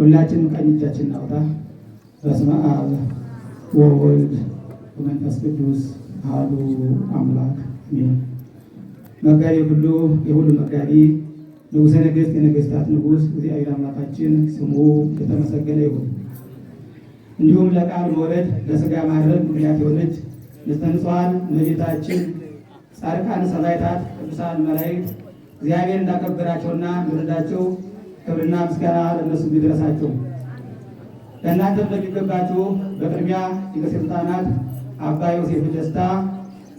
ሁላችንም ቀኝ እጃችን እናውጣ። በስመ አብ ወወልድ ወመንፈስ ቅዱስ አሐዱ አምላክ አሜን። መጋቢ ሁሉ የሁሉ መጋቢ ንጉሠ ነገሥት የነገሥታት ንጉሥ እግዚአብሔር አምላካችን ስሙ የተመሰገነ ይሁን። እንዲሁም ለቃል መውረድ ለሥጋ ማድረግ ምክንያት የሆነች ንስተንጽዋን እመቤታችን ጻድቃን ሰማዕታት ቅዱሳን መላእክት እግዚአብሔር እንዳከበራቸውና ምርዳቸው ክብርና ምስጋና ለነሱ እንዲደረሳቸው ለእናንተ ለሚገባችሁ በቅድሚያ ሊቀ ሥልጣናት አባ ዮሴፍ ደስታ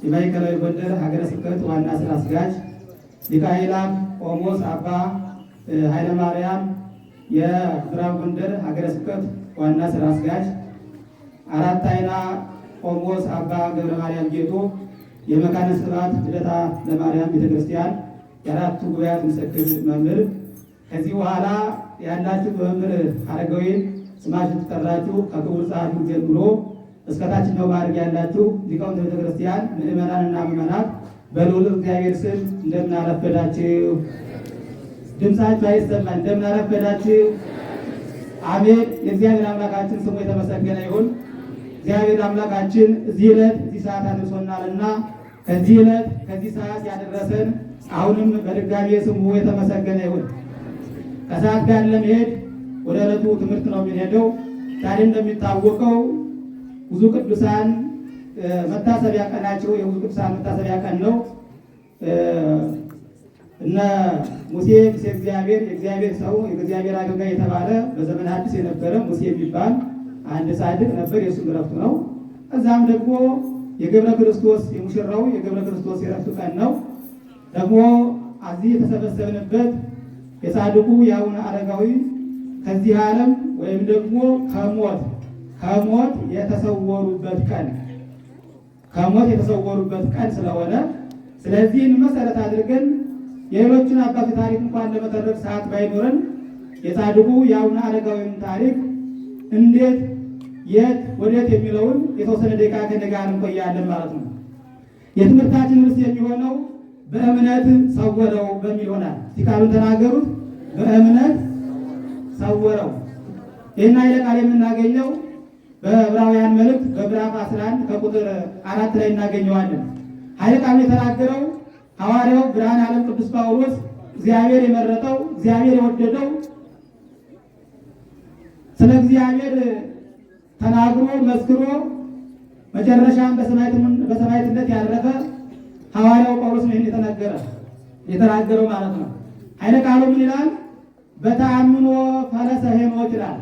የማዕከላዊ ጎንደር ሀገረ ስብከት ዋና ስራ አስኪያጅ፣ ሊቀ ቆሞስ አባ ማርያም የምዕራብ ጎንደር ሀገረ ስብከት ዋና ስራ አስኪያጅ፣ አራት አይና ቆሞስ አባ ገብረ ማርያም ጌቶ የመካነ ስብሐት ልደታ ለማርያም ቤተክርስቲያን የአራቱ ጉባኤያት ምስክር መምህር ከዚህ በኋላ ያላችሁ በመምህር አረጋዊ ስማችሁ ተጠራችሁ ከክቡር ጸሐፊ ጀምሮ እስከታችኛው ማዕረግ ያላችሁ ሊቃውንተ ቤተክርስቲያን፣ ምዕመናንና ምዕመናት በልዑል እግዚአብሔር ስም እንደምን አረፈዳችሁ። ድምፃችሁ አይሰማ፣ እንደምን አረፈዳችሁ። አሜን። የእግዚአብሔር አምላካችን ስሙ የተመሰገነ ይሁን። እግዚአብሔር አምላካችን እዚህ ዕለት እዚህ ሰዓት አድርሶናልና ከዚህ ዕለት ከዚህ ሰዓት ያደረሰን አሁንም በድጋሜ ስሙ የተመሰገነ ይሁን። ከሰዓት ጋር ለመሄድ ወደ ዕለቱ ትምህርት ነው የምንሄደው። ታዲያ እንደሚታወቀው ብዙ ቅዱሳን መታሰቢያ ቀናቸው የብዙ ቅዱሳን መታሰቢያ ቀን ነው። እነ ሙሴ ሙሴ እግዚአብሔር የእግዚአብሔር ሰው የእግዚአብሔር አገልጋይ የተባለ በዘመን አዲስ የነበረ ሙሴ የሚባል አንድ ጻድቅ ነበር። የእሱ እረፍቱ ነው። እዛም ደግሞ የገብረ ክርስቶስ የሙሽራው የገብረ ክርስቶስ የእረፍቱ ቀን ነው። ደግሞ እዚህ የተሰበሰብንበት የጻድቁ የአቡነ አረጋዊ ከዚህ ዓለም ወይም ደግሞ ከሞት ከሞት የተሰወሩበት ቀን ከሞት የተሰወሩበት ቀን ስለሆነ ስለዚህን መሰረት አድርገን የሌሎችን አባት ታሪክ እንኳን ለመተረክ ሰዓት ባይኖረን የጻድቁ የአቡነ አረጋዊን ታሪክ እንዴት፣ የት፣ ወዴት የሚለውን የተወሰነ ደቂቃ ከደጋ እንቆያለን ማለት ነው። የትምህርታችን ርዕስ የሚሆነው በእምነት ሰወረው በሚል ይሆናል። ሲካሉ ተናገሩት በእምነት ሰወረው። ይህን ኃይለ ቃል የምናገኘው በዕብራውያን መልእክት በምዕራፍ 11 ከቁጥር አራት ላይ እናገኘዋለን። ኃይለ ቃሉ የተናገረው ሐዋርያው ብርሃን ዓለም ቅዱስ ጳውሎስ እግዚአብሔር የመረጠው እግዚአብሔር የወደደው ስለ እግዚአብሔር ተናግሮ መስክሮ መጨረሻም በሰማዕትነት ያረፈ ሐዋርያው ጳውሎስ ነው ይህን የተናገረ የተናገረው ማለት ነው። አይነ ቃሉ ምን ይላል? በተአምኖ ፈለሰ ሄኖክ ይላል።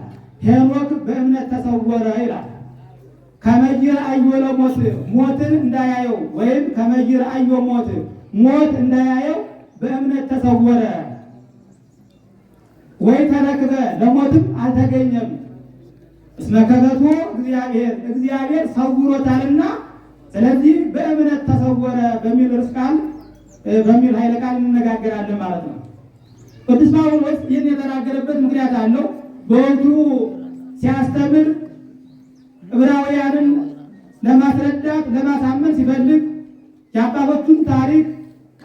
ሄኖክ በእምነት ተሰወረ ይላል። ከመይር አዮ ለሞት ሞትን እንዳያየው ወይም ከመይር አዮ ሞት ሞት እንዳያየው በእምነት ተሰወረ። ወይ ተረክበ ለሞትም አልተገኘም። እስመ ከበቶ እግዚአብሔር እግዚአብሔር ሰውሮታልና ስለዚህ በእምነት ተሰወረ በሚል ርዕስ ቃል በሚል ኃይለ ቃል እንነጋገራለን ማለት ነው። ቅዱስ ጳውሎስ ይህን የተናገረበት ምክንያት አለው። በወቅቱ ሲያስተምር ዕብራውያንን ለማስረዳት ለማሳመን ሲፈልግ የአባቶቹን ታሪክ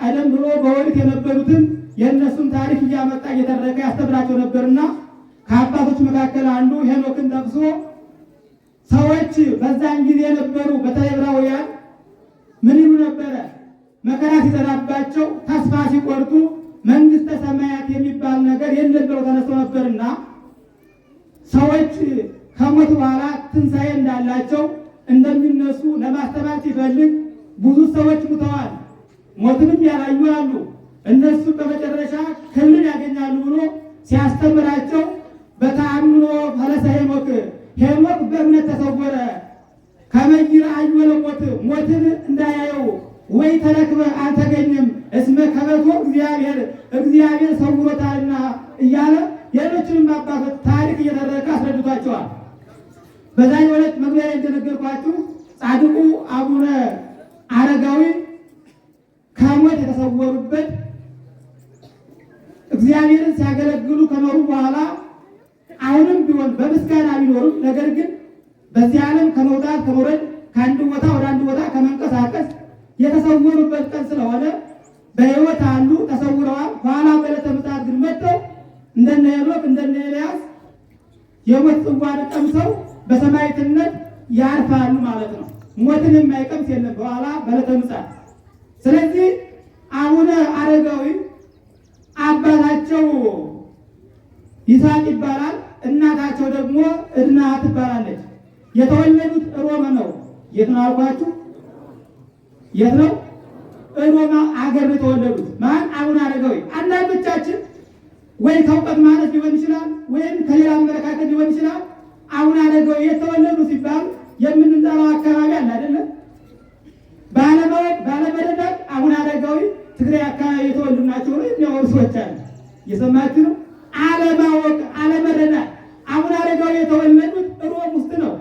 ቀደም ብሎ በወሪት የነበሩትን የእነሱን ታሪክ እያመጣ እየተረከ ያስተምራቸው ነበርና ከአባቶች መካከል አንዱ ሄኖክን ጠቅሶ ሰዎች በዛን ጊዜ የነበሩ በተለይ ምን ይሉ ነበረ? መከራ ሲጠራባቸው ተስፋ ሲቆርጡ መንግስተ ሰማያት የሚባል ነገር የለም ብለው ተነስተው ነበርና ሰዎች ከሞት በኋላ ትንሣኤ እንዳላቸው እንደሚነሱ ለማስተማር ሲፈልግ ብዙ ሰዎች ሙተዋል፣ ሞትንም ያላዩ አሉ። እነሱ በመጨረሻ ክብርን ያገኛሉ ብሎ ሲያስተምራቸው በተአምኖ ፈለሰ ሄኖክ ሄኖክ በእምነት ተሰወረ ከመይር አይወለ ሞት ሞትን እንዳያየው ወይ ተረክበ አልተገኘም እስመ ከበቶ እግዚአብሔር እግዚአብሔር ሰውሮታልና እያለ ሌሎችንም አባቶች ታሪክ እየተረከ አስረድቷቸዋል። በዛሬ ዕለት መግቢያ ላይ እንደነገርኳችሁ ጻድቁ አቡነ አረጋዊ ከሞት የተሰወሩበት እግዚአብሔርን ሲያገለግሉ ከኖሩ በኋላ አሁንም ቢሆን በምስጋና ቢኖሩም ነገር ግን በዚህ ዓለም ከመውጣት ከመውረድ ከአንድ ቦታ ወደ አንድ ቦታ ከመንቀሳቀስ የተሰወሩበት ቀን ስለሆነ በሕይወት አሉ ተሰውረዋል። በኋላ በዕለተ ምጽአት ግን መጥተው እንደነ ሄኖክ እንደነ ኤልያስ የሞት ጽዋን ቀምሰው በሰማዕትነት ያርፋሉ ማለት ነው። ሞትን የማይቀምስ የለም በኋላ በዕለተ ምጽአት። ስለዚህ አቡነ አረጋዊ አባታቸው ይስሐቅ ይባላል። እናታቸው ደግሞ እድና ትባላለች። የተወለዱት ሮማ ነው። የት ነው አልኳችሁ? የት ነው? ሮማ አገር ነው የተወለዱት። ማን? አቡነ አረጋዊ። አንዳንዶቻችን ወይ ከእውቀት ማለት ሊሆን ይችላል፣ ወይም ከሌላ አመለካከት ሊሆን ይችላል። አቡነ አረጋዊ የተወለዱ ሲባል የምንጠራው አካባቢ አለ አይደለም? ባለማወቅ ባለመረዳት አቡነ አረጋዊ ትግራይ አካባቢ የተወለዱ ናቸው ነው የሚያወሩ ሰዎች አሉ። እየሰማችሁ ነው። አለማወቅ አለመረዳት አቡነ አረጋዊ የተወለዱት ሮም ውስጥ ነው።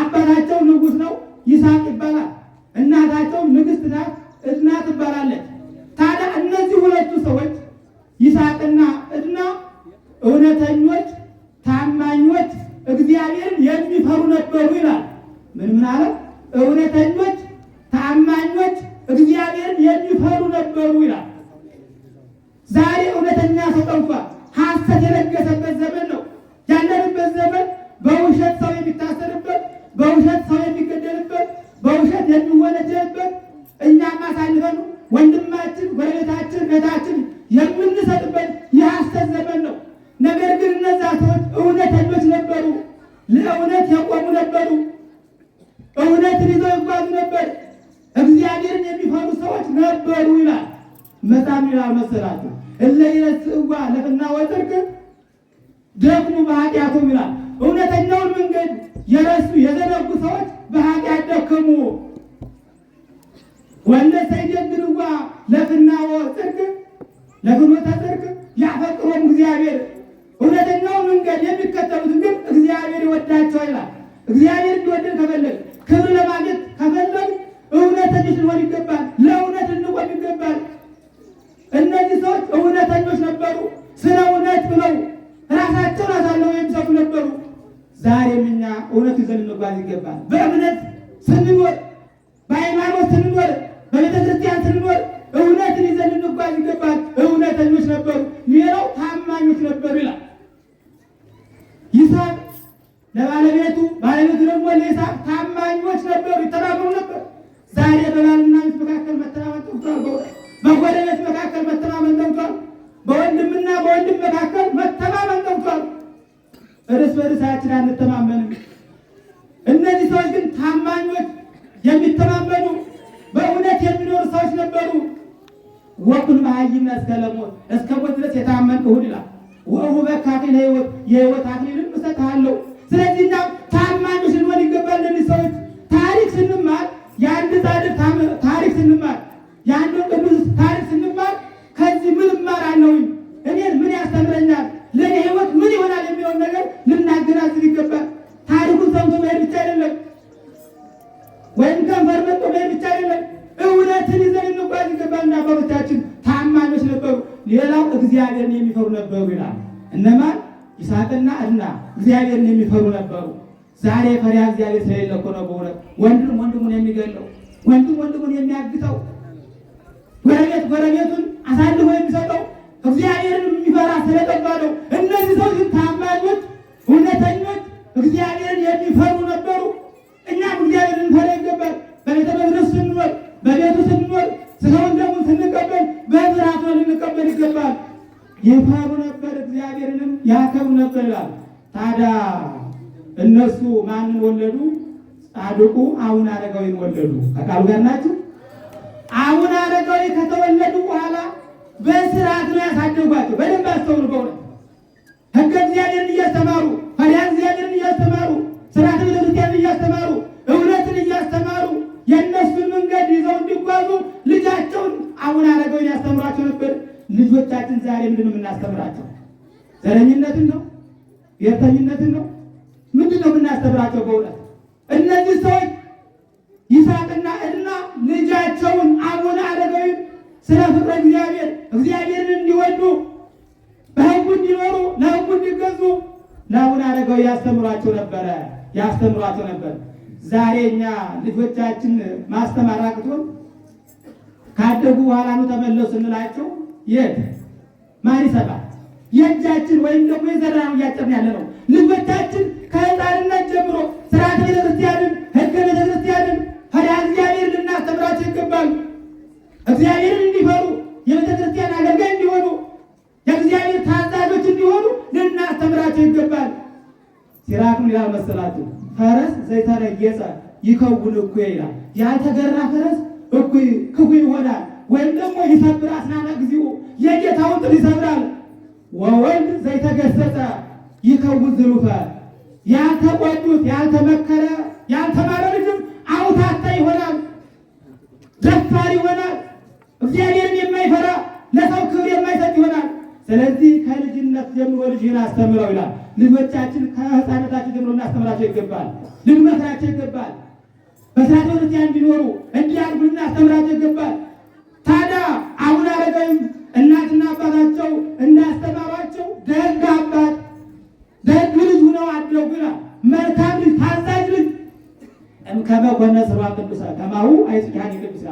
አባታቸው ንጉሥ ነው፣ ይስሐቅ ይባላል። እናታቸው ንግሥት ናት፣ እድና ትባላለች። ታዲያ እነዚህ ሁለቱ ሰዎች ይስሐቅና እድና እውነተኞች፣ ታማኞች፣ እግዚአብሔርን የሚፈሩ ነበሩ ይላል። ምን ምን አለ? እውነተኞች፣ ታማኞች፣ እግዚአብሔርን የሚፈሩ ነበሩ ይላል። ዛሬ እውነተኛ ሰው ጠፋ ሐሰት የነገሰበት ዘመን ነው። እነሱ የዘነጉ ሰዎች በኃጢአት ደከሙ። ወለ ወለሰይጀግንዋ ለፍናዎ ጽድቅ ለፍኖተ ጽድቅ ያፈቅሮም እግዚአብሔር እውነተኛው መንገድ የሚከተሉት ግን እግዚአብሔር ይወዳቸው ይላል። እግዚአብሔር እንዲወደን ከፈለግ ክብር ለማግኘት ከፈለግ እውነተኞች ልሆን ይገባል። ለእውነት ልንቆም ይገባል። እነዚህ ሰዎች እውነተኞች ነበሩ። ስለ እውነት ብለው ራሳቸውን አሳልፈው የሚሰጡ ነበሩ። ዛሬም እኛ እውነት ይዘን እንጓዝ ይገባል። በእምነት ስንኖር፣ በሃይማኖት ስንኖር፣ በቤተክርስቲያን ስንኖር እውነትን ይዘን እንጓዝ ይገባል። እውነተኞች ነበሩ፣ ሌላው ታማኞች ነበሩ ይላል ይስሐቅ ለባለቤቱ ባለቤቱ ደግሞ ለይስሐቅ ታማኞች ነበሩ፣ ይተባበሩ ነበር። ዛሬ በባልና ሚስት መካከል መተማመን ጠፍቷል። አንተማመንም። እነዚህ ሰዎች ግን ታማኞች፣ የሚተማመኑ በእውነት የሚኖሩ ሰዎች ነበሩ። ወኩን መሀይም እስከለሞት እስከ ሞት ድረስ የታመንክ ሁን ይላል። ወሁ በካፊ ለህይወት የህይወት አክሊልን እሰጥሃለሁ። ስለዚህ እኛም ታማኞች ልንሆን ይገባል። እነዚህ ሰዎች ታሪክ ስንማር የአንድ ጻድቅ ታሪክ ስንማር የአንዱ ቅዱስ እግዚአብሔርን የሚፈሩ ነበሩ። ዛሬ ፈሪሃ እግዚአብሔር ስለሌለ እኮ ነው። በእውነት ወንድም ወንድሙን የሚገለው፣ ወንድም ወንድሙን የሚያግተው፣ ጎረቤት ጎረቤቱን አሳልፎ የሚሰጠው እግዚአብሔርን የሚፈራ ስለጠባ ነው። እነዚህ ሰው ግን ታማኞች፣ እውነተኞች፣ እግዚአብሔርን የሚፈሩ ነበሩ። እኛም እግዚአብሔርን እንፈራ ይገባል። በቤተ መቅደስ ስንኖር፣ በቤቱ ስንኖር፣ ስጋውን ደግሞ ስንቀበል፣ በፍርሃት ልንቀበል ይገባል። ይፈሩ ነበር፣ እግዚአብሔርንም ያከብሩ ነበር ይላል ታዲያ እነሱ ማንን ወለዱ? ጻድቁ አቡነ አረጋዊን ወለዱ። ከቃሉ ጋር ናችሁ። አቡነ አረጋዊ ከተወለዱ በኋላ በስርዓት ነው ያሳደጓቸው። በደንብ አስተውሉ። በእውነት ሕገ እግዚአብሔርን እያስተማሩ ፈሪሃ እግዚአብሔርን እያስተማሩ ስርዓተ ቤተክርስቲያንን እያስተማሩ እውነትን እያስተማሩ የእነሱን መንገድ ይዘው እንዲጓዙ ልጃቸውን አቡነ አረጋዊን ያስተምሯቸው ነበር። ልጆቻችን ዛሬ ምንድን ነው የምናስተምራቸው? ዘረኝነትን ነው ብሔርተኝነትን ነው? ምንድን ነው የምናስተምራቸው? በእውነት እነዚህ ሰዎች ይስሐቅና እና ልጃቸውን አቡነ አረጋዊ ስለ ፍቅረ እግዚአብሔር እግዚአብሔርን እንዲወዱ በህጉ እንዲኖሩ ለህጉ እንዲገዙ ለአቡነ አረጋዊ ያስተምሯቸው ነበረ ያስተምሯቸው ነበር። ዛሬ እኛ ልጆቻችን ማስተማር አቅቶን ካደጉ በኋላ ተመለሱ ስንላቸው የት ማን ይሰማል? የእጃችን ወይም ደግሞ የዘራ ነው እያጨብን ያለ ነው። ልጆቻችን ከህፃንነት ጀምሮ ስርዓተ ቤተክርስቲያንን፣ ህገ ቤተክርስቲያንን ፈሪሃ እግዚአብሔርን ልናስተምራቸው ይገባል። እግዚአብሔርን እንዲፈሩ የቤተክርስቲያን አገልጋይ እንዲሆኑ የእግዚአብሔር ታዛዦች እንዲሆኑ ልናስተምራቸው ይገባል። ሲራክ ይላል መሰላችሁ ፈረስ ዘይተረየፀ ይከውን እኩ ይላል። ያልተገራ ፈረስ እኩ ክፉ ይሆናል ወይም ደግሞ ይሰብራ ስናና ጊዜው የጌታውን ጥል ይሰብራል። ወወልድ ዘይተገሰጸ ይከውዝ ዝኑፈ ያልተቆጡት ያልተመከረ ያልተማረ ልጅም አውታታ ይሆናል፣ ደፋር ይሆናል፣ እግዚአብሔርን የማይፈራ ለሰው ክብር የማይሰጥ ይሆናል። ስለዚህ ከልጅነት ጀምሮ ልጅህን አስተምረው ይላል። ልጆቻችን ከህፃነታችን ጀምሮ እናስተምራቸው ይገባል፣ ልንመክራቸው ይገባል። በስርዓተ ክርስቲያን እንዲኖሩ እንዲያድጉ እናስተምራቸው ይገባል። አስተማራቸው እንዳስተማሯቸው ደግ አባት ደግ ልጅ ሁነው አደጉና መልካም ልጅ ታዛዥ ልጅ እምከመ ኮነ ስሯ ቅዱሳ ከማሁ አይጽካኒ ቅዱሳ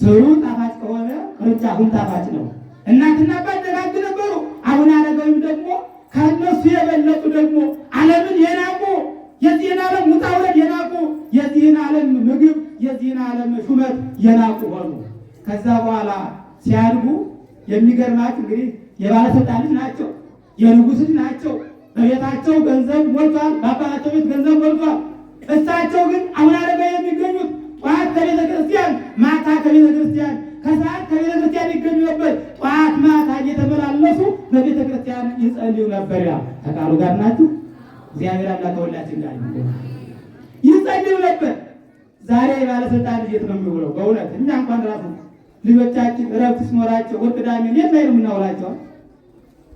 ስሩ ጣፋጭ ከሆነ ቅርንጫፉም ጣፋጭ ነው። እናትና አባት ደጋግ ነበሩ። አሁን አረጋዊም ደግሞ ከእነሱ የበለጡ ደግሞ ዓለምን የናቁ የዚህን ዓለም ውጣ ውረድ የናቁ የዚህን ዓለም ምግብ የዚህን ዓለም ሹመት የናቁ ሆኑ። ከዛ በኋላ ሲያድጉ የሚገርማችሁ እንግዲህ የባለስልጣን ልጅ ናቸው፣ የንጉስ ልጅ ናቸው። በቤታቸው ገንዘብ ሞልቷል፣ በአባታቸው ቤት ገንዘብ ሞልቷል። እሳቸው ግን አሁን አረጋ የሚገኙት ጠዋት ከቤተ ክርስቲያን፣ ማታ ከቤተ ክርስቲያን፣ ከሰዓት ከቤተ ክርስቲያን ይገኙ ነበር። ጠዋት ማታ እየተመላለሱ በቤተ ክርስቲያን ይጸልዩ ነበር ያ ተቃሉ ጋር ናችሁ። እግዚአብሔር አላከወላችን ጋር ይጸልዩ ነበር። ዛሬ የባለስልጣን የት ነው የሚውለው። በእውነት እኛ እንኳን ራሱ ልጆቻችን እረፍት ስኖራቸው ወር ቅዳሜ ሌት ላይ ነው የምናውላቸው።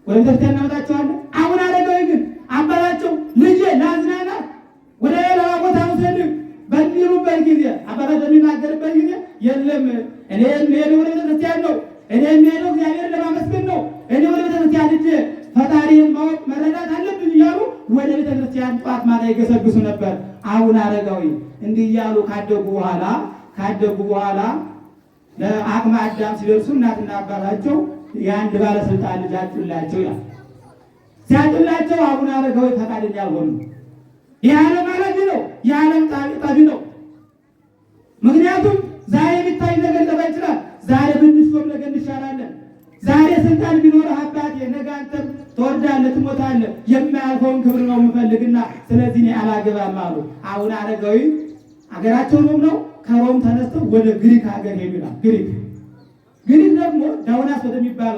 ወይም ቤተክርስቲያን እናመጣቸዋለን። አሁን አረጋዊ ግን አባታቸው ልጄ ለአዝናናት ወደ ሌላ ቦታ ውሰድ በሚሉበት ጊዜ አባታቸው የሚናገርበት ጊዜ የለም እኔ የሚሄደው ወደ ቤተክርስቲያን ነው፣ እኔ የሚሄደው እግዚአብሔር ለማመስገን ነው፣ እኔ ወደ ቤተክርስቲያን ልጅ ፈጣሪን ማወቅ መረዳት አለብን እያሉ ወደ ቤተክርስቲያን ጠዋት ማታ ይገሰግሱ ነበር። አሁን አረጋዊ እንዲህ እያሉ ካደጉ በኋላ ካደጉ በኋላ አቅመ አዳም ሲደርሱ እናትና አባታቸው የአንድ ባለስልጣን ልጅ አጩላቸው ይላል። ሲያጩላቸው አቡነ አረጋዊ ፈቃደኛ አልሆኑ። የዓለም አረግ ነው፣ የዓለም ጣቢ ነው። ምክንያቱም ዛሬ የሚታይ ነገር ጠፋ ይችላል። ዛሬ ብንሾም ነገ እንሻላለን። ዛሬ ስልጣን ቢኖረህ አባቴ ነገ አንተም ትወርዳለህ፣ ትሞታለህ። የማያልፈውን ክብር ነው የምፈልግና ስለዚህ እኔ አላገባም አሉ። አቡነ አረጋዊ አገራቸው ነው ከሮም ተነስተው ወደ ግሪክ ሀገር ሄዱ ይላል። ግሪክ ግሪክ ደግሞ ዳውናስ ወደሚባል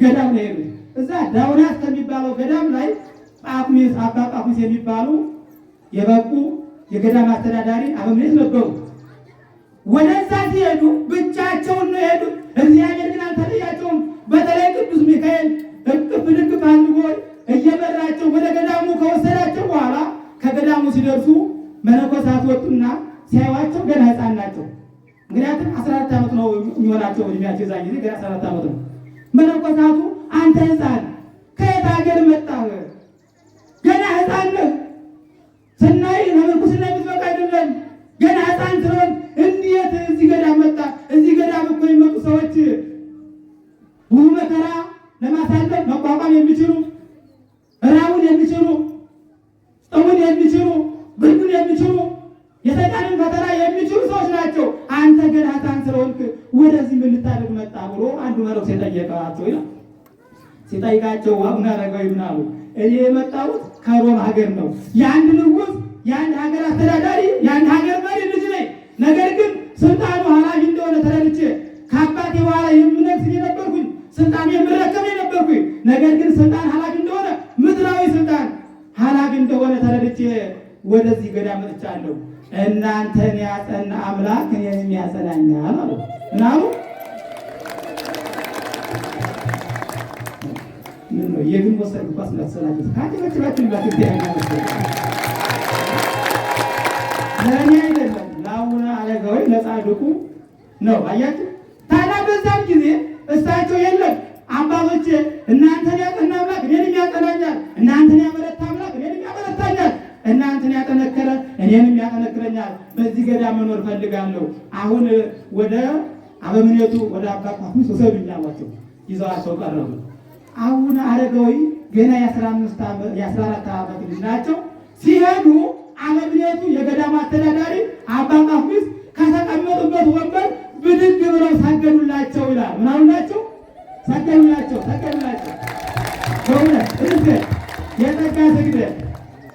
ገዳም ላይ ሄዱ። እዛ ዳውናስ ከሚባለው ገዳም ላይ ጳኩሚስ አባ ጳኩሚስ የሚባሉ የበቁ የገዳም አስተዳዳሪ አበምኔት ነበሩ። ወደዛ ሲሄዱ ብቻቸውን ነው ሄዱ። እግዚአብሔር ግን አልተለያቸውም። በተለይ ቅዱስ ሚካኤል እቅፍ ድቅፍ አንድጎ እየመራቸው ወደ ገዳሙ ከወሰዳቸው በኋላ ከገዳሙ ሲደርሱ መነኮሳት ወጡና ሲያዩዋቸው ገና ህፃን ናቸው። ምክንያቱም አስራ ዓመት ነው የሚሆናቸው እድሜያቸው። የዛን ጊዜ ገና አስራ ዓመት ነው። መነኮሳቱ አንተ ህፃን ከየት ሀገር መጣህ? ገና ህፃን ነህ። ስናይ ለምንኩስና የምትበቃ አይደለን። ገና ህፃን ስለሆን እንዴት እዚህ ገዳም መጣ? እዚህ ገዳም እኮ የሚመጡ ሰዎች ናቸው ይላል። ሲጠይቃቸው አቡነ አረጋዊ ምን አሉ? እኔ የመጣሁት ከሮም ሀገር ነው። የአንድ ንጉሥ፣ የአንድ ሀገር አስተዳዳሪ፣ የአንድ ሀገር መሪ ልጅ ነኝ። ነገር ግን ስልጣኑ ኃላፊ እንደሆነ ተረድቼ ከአባቴ በኋላ የምነግስ የነበርኩኝ ስልጣን የምረከብ የነበርኩኝ ነገር ግን ስልጣን ኃላፊ እንደሆነ ምድራዊ ስልጣን ኃላፊ እንደሆነ ተረድቼ ወደዚህ ገዳም መጥቻለሁ። እናንተን ያጸና አምላክ እኔንም ያጸናኛል አሉ። ምን ነው የግንቦት ሰርግ ኳስ እንዳትሰላችሁ። ካጨበጨባችሁ ባትት ለእኔ አይደለም ለአቡነ አረጋዊ ለጻድቁ ነው። አያችሁ ታዲያ በዛን ጊዜ እሳቸው የለም እናንተን ያጠና አምላክ እኔንም ያጠናኛል፣ እናንተን ያበረታ አምላክ እኔንም ያበረታኛል፣ እናንተን ያጠነከረ እኔንም ያጠነክረኛል። በዚህ መኖር ፈልጋለሁ። አሁን ወደ አበምኔቱ ወደ አባ ውሰዱኝ አሏቸው። ይዘዋቸው ቀረቡ። አቡነ አረጋዊ ገና የአስራ አራት ዓመት ልጅ ናቸው። ሲሄዱ አበምኔቱ የገዳም አስተዳዳሪ አባ ጳኩሚስ ከተቀመጡበት ወንበር ብድግ ብለው ሰገዱላቸው ይላል። ምን አሉላቸው? ሰገዱላቸው፣ ሰገዱላቸው። በእውነት ስግደት የጸጋ ስግደት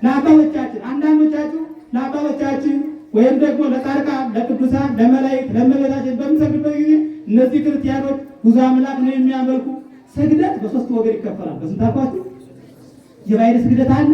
ለአባቶቻችን። አንዳንዶቻችሁ ለአባቶቻችን ወይም ደግሞ ለጻድቃን፣ ለቅዱሳን፣ ለመላእክት፣ ለእመቤታችን በምንሰግድበት ጊዜ እነዚህ ክርስቲያኖች ብዙ አምላክ ነው የሚያመልኩ ስግደት በሶስት ወገን ይከፈላል። በስንታኳችሁ የባይል ስግደት አለ፣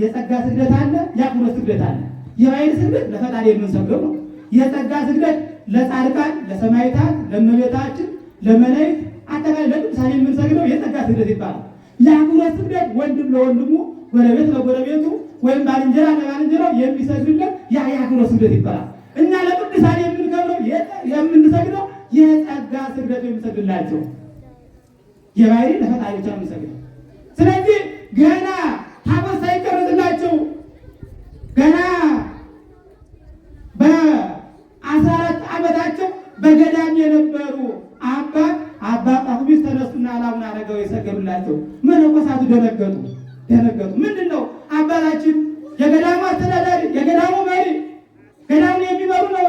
የጸጋ ስግደት አለ፣ የአክብሮት ስግደት አለ። የባይል ስግደት ለፈጣሪ የምንሰግደው ነው። የጸጋ ስግደት ለጻድቃን፣ ለሰማይታት፣ ለእመቤታችን፣ ለመላእክት አጠቃላይ ለቅዱሳን የምንሰግደው የጸጋ ስግደት ይባላል። የአክብሮት ስግደት ወንድም ለወንድሙ፣ ጎረቤት ለጎረቤቱ ወይም ባልንጀራ ለባልንጀራው የሚሰግድለት ያ የአክብሮት ስግደት ይባላል። እኛ ለቅዱሳን የምንከብረው የምንሰግደው የጸጋ ስግደት የሚሰግድላቸው የባህሪ ለፈጣሪ ብቻ ነው የሚሰግደው። ስለዚህ ገና ታቦት ሳይቀረጽላቸው ገና በአስራ አራት ዓመታቸው በገዳም የነበሩ አባ አባ ጳኩሚስ ተነሱና አላቡነ አረጋዊ የሰገዱላቸው። መነኮሳቱ ደነገጡ ደነገጡ። ምንድን ነው አባታችን የገዳሙ አስተዳዳሪ የገዳሙ መሪ ገዳሙ የሚመሩ ነው።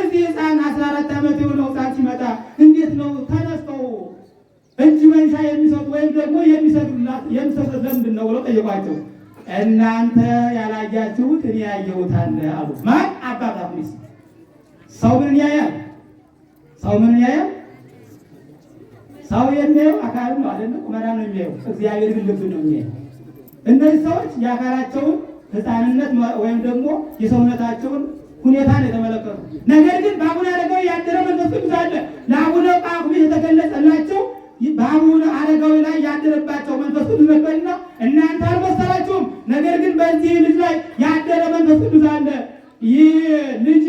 እዚህ ህፃን አስራ አራት ዓመት የሆነው ህፃን ሲመጣ እንዴት ነው ተነ ለኤልሳ የሚሰጡ ወይም ደግሞ የሚሰጡላት የሚሰጡት ለምንድን ነው ብለው ጠየቋቸው። እናንተ ያላያችሁት እኔ ያየሁታል አሉት። ማን አባት አምስት ሰው ምን ያያል? ሰው ምን ያያል? ሰው የሚያየው አካል ነው አይደል? ቁመና ነው የሚያየው። እግዚአብሔር ግን ልብ ነው የሚያየው። እነዚህ ሰዎች የአካላቸውን ህፃንነት ወይም ደግሞ የሰውነታቸውን ሁኔታ ነው የተመለከቱ። ነገር ግን በአቡነ አረጋዊ ያደረ መንፈስ ቅዱስ አለ። ለአቡነ ጳኩሚስ የተገለጸላቸው በአቡነ አረጋዊ ላይ ያደረባቸው መንፈስ ቅዱስ ነበርና እናንተ አልመሰላችሁም። ነገር ግን በዚህ ልጅ ላይ ያደረ መንፈስ ቅዱስ አለ። ይህ ልጅ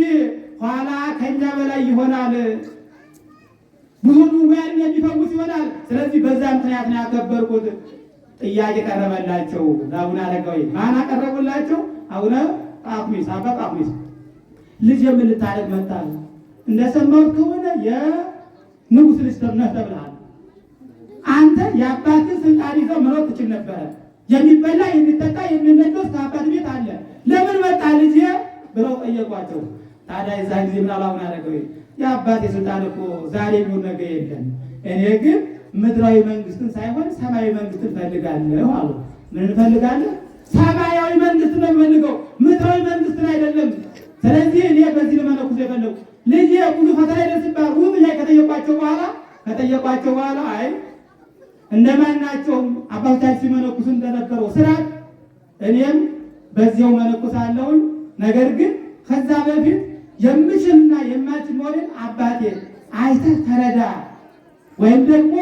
ኋላ ከኛ በላይ ይሆናል፣ ብዙ ሙያን የሚፈውስ ይሆናል። ስለዚህ በዛ ምክንያት ነው ያከበርኩት። ጥያቄ ቀረበላቸው ለአቡነ አረጋዊ። ማን አቀረቡላቸው? አቡነ ጳኩሚስ፣ አባ ጳኩሚስ ልጅ የምንታደግ መጣል እንደሰማሁት ከሆነ የንጉሥ ልጅ ተብላል። አንተ የአባትህ ስልጣን ይዘው መኖር ትችል ነበረ። የሚበላ የሚጠጣ የሚመገብ ከአባት ቤት አለ። ለምን መጣ ልጅ ብለው ጠየቋቸው። ታዲያ የዛ ጊዜ ምናባሁን አደረገው የአባቴ ስልጣን እኮ ዛሬ የሚሆን ነገ የለም። እኔ ግን ምድራዊ መንግስትን ሳይሆን ሰማያዊ መንግስትን ፈልጋለሁ አሉ። ምን ፈልጋለሁ? ሰማያዊ መንግስት ነው የምፈልገው፣ ምድራዊ መንግስትን አይደለም። ስለዚህ እኔ በዚህ ልመነኩስ የፈለጉ ልጅ ብዙ ፈተና ይደርስባል። ሩም ጥያቄ ከጠየቋቸው በኋላ ከጠየቋቸው በኋላ አይ እንደማናቸውም አባታችን ሲመነኩስ እንደነበረው ስርዓት እኔም በዚያው መነኩስ መነኩሳለሁኝ። ነገር ግን ከዛ በፊት የምችልና የማችል መሆኔን አባቴ አይተህ ተረዳ። ወይም ደግሞ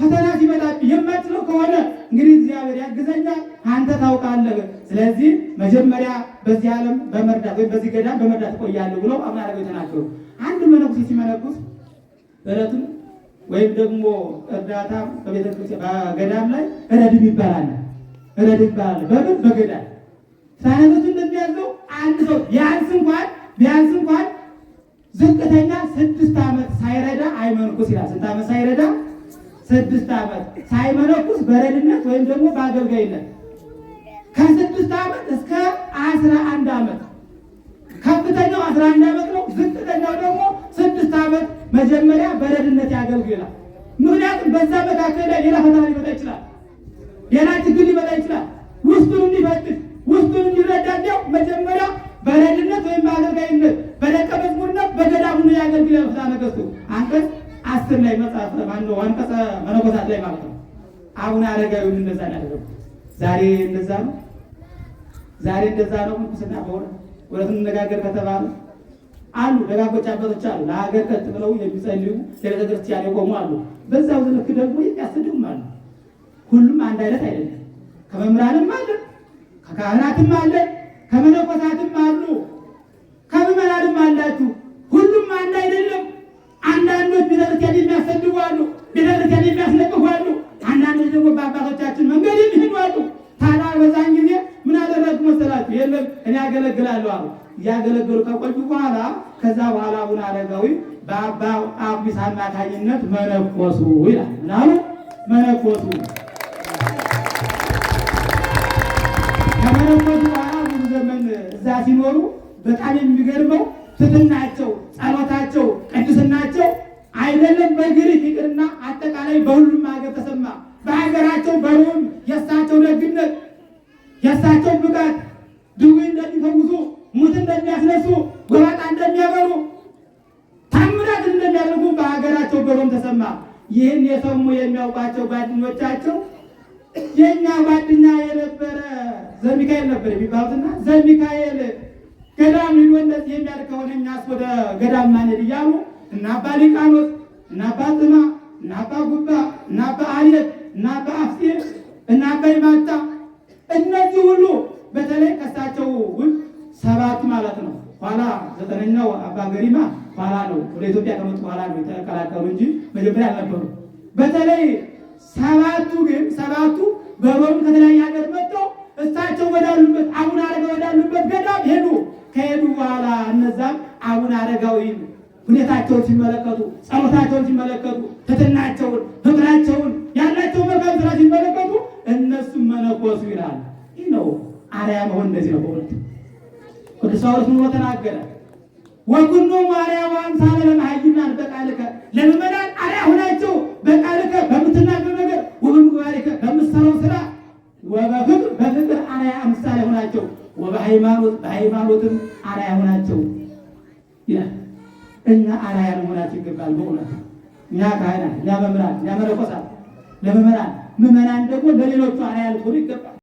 ፈተና ሲመጣብኝ የማችለው ከሆነ እንግዲህ እግዚአብሔር ያግዘኛል፣ አንተ ታውቃለህ። ስለዚህ መጀመሪያ በዚህ ዓለም በመርዳት ወይም በዚህ ገዳም በመርዳት ቆያለሁ ብለው አብራሪው ተናገሩ። አንድ መነኩሴ ሲመነኩስ እለቱም ወይም ደግሞ እርዳታ በቤተክርስቲያን በገዳም ላይ ረድብ ይባላል። ረድብ ይባላል። በምን በገዳም ሳይነቱ እንደሚያዘው አንድ ሰው ቢያንስ እንኳን ቢያንስ እንኳን ዝቅተኛ ስድስት ዓመት ሳይረዳ አይመንኩስ ይላል። ስንት ዓመት ሳይረዳ? ስድስት ዓመት ሳይመነኩስ በረድነት ወይም ደግሞ በአገልጋይነት ከስድስት ዓመት እስከ አስራ አንድ ዓመት ከፍተኛው አስራ አንድ ዓመት ነው። ዝቅተኛው ደግሞ ስድስት ዓመት መጀመሪያ በረድነት ያገልግላል። ምክንያቱም በዛ መካከል ላይ ሌላ ፈተና ሊመጣ ይችላል፣ ሌላ ችግር ሊመጣ ይችላል። ውስጡን እንዲፈትሽ ውስጡን እንዲረዳ መጀመሪያ በረድነት ወይም በአገልጋይነት በደቀ መዝሙርነት በገዳሙ ነው ያገልግል ያሉት ነገስቱ አንቀጽ አስር ላይ መጽሐፍ ማነው አንቀጸ መነኮሳት ላይ ማለት ነው። አቡነ አረጋዊ እነዛ ያደረጉ ዛሬ እንደዛ ነው። ዛሬ እንደዛ ነው። ምንኩስና በሆነ ወደትን እንነጋገር ከተባለ አሉ። ደጋጎች አባቶች አሉ፣ ለሀገር ከት ብለው የሚጸልዩ ለቤተክርስቲያን የቆሙ አሉ። በዛው ልክ ደግሞ የሚያሰድቡም አሉ። ሁሉም አንድ አይነት አይደለም። ከመምህራንም አለ፣ ከካህናትም አለ፣ ከመነኮሳትም አሉ፣ ከምዕመናንም አላችሁ። ሁሉም አንድ አይደለም። አንዳንዶች ቤተክርስቲያን የሚያሰድቡ አሉ፣ ቤተክርስቲያን የሚያስለቅፉ አሉ። አንዳንዶች ደግሞ በአባቶቻችን ያገለግላሉ አሉ። እያገለገሉ ከቆዩ በኋላ ከዛ በኋላ አቡነ አረጋዊ በአባ ጳኩሚስ አማካኝነት መነኮሱ ይላል ናሉ መነኮሱ ከመነኮሱ በኋላ ብዙ ዘመን እዛ ሲኖሩ በጣም የሚገርመው ትትናቸው፣ ጸሎታቸው፣ ቅድስናቸው አይደለም በግሪክ ይቅርና አጠቃላይ በሁሉም ሀገር ተሰማ። በሀገራቸው በሩም የእሳቸው ደግነት የእሳቸው ብቃት ድዌ እንደሚፈውሱ፣ ሙት እንደሚያስነሱ፣ ጎባጣ እንደሚያበሩ፣ ታምራት እንደሚያደርጉ በሀገራቸው በሮም ተሰማ። ይህን የሰሙ የሚያውቋቸው ጓደኞቻቸው የእኛ ጓደኛ የነበረ ዘሚካኤል ነበር የሚባሉትና ዘሚካኤል ገዳም ሂዶ እንደዚህ የሚያል ከሆነ እኛስ ወደ ገዳም ማንሄድ እያሉ እና አባ ሊቃኖስ እና አባ ጥማ እና አባ ጉባ እና አባ አየት እና አባ አፍሴ እና አባ ይማታ እነዚህ ሁሉ በተለይ ከእሳቸው ውስጥ ሰባት ማለት ነው። ኋላ ዘጠነኛው አባ ገሪማ ኋላ ነው፣ ወደ ኢትዮጵያ ከመጡ ኋላ ነው የተቀላቀሉ እንጂ መጀመሪያ አልነበሩ። በተለይ ሰባቱ ግን ሰባቱ በሮም ከተለያየ ሀገር መጥተው እሳቸው ወዳሉበት አቡነ አረጋዊ ወዳሉበት ገዳም ሄዱ። ከሄዱ በኋላ እነዛም አቡነ አደጋዊ ሁኔታቸውን ሲመለከቱ፣ ጸሎታቸውን ሲመለከቱ፣ ትትናቸውን፣ ፍቅራቸውን ያላቸው መልካም ስራ ሲመለከቱ እነሱም መነኮሱ ይላል። አርያ መሆን እንደዚህ ነው። በእውነት ቅዱስ ጳውሎስ ምን ተናገረ? ወኩኑ አርያ ወአምሳለ ለመሃይምና በቃልከ ለምዕመናን አርያ ሆናቸው በቃልከ በምትናገር ነገር ወበምግባርከ በምትሰራው ስራ ወበፍቅር በፍቅር አርያ አምሳለ ሆናቸው ወበሃይማኖት በሃይማኖትም አርያ ሆናቸው ይላል እና አርያ መሆናቸው ይገባል። በእውነት እኛ ካህናት፣ እኛ መምህራን፣ እኛ መነኮሳት ለምዕመናን ምዕመናን ደግሞ ለሌሎቹ አርያ ልትሆኑ ይገባል።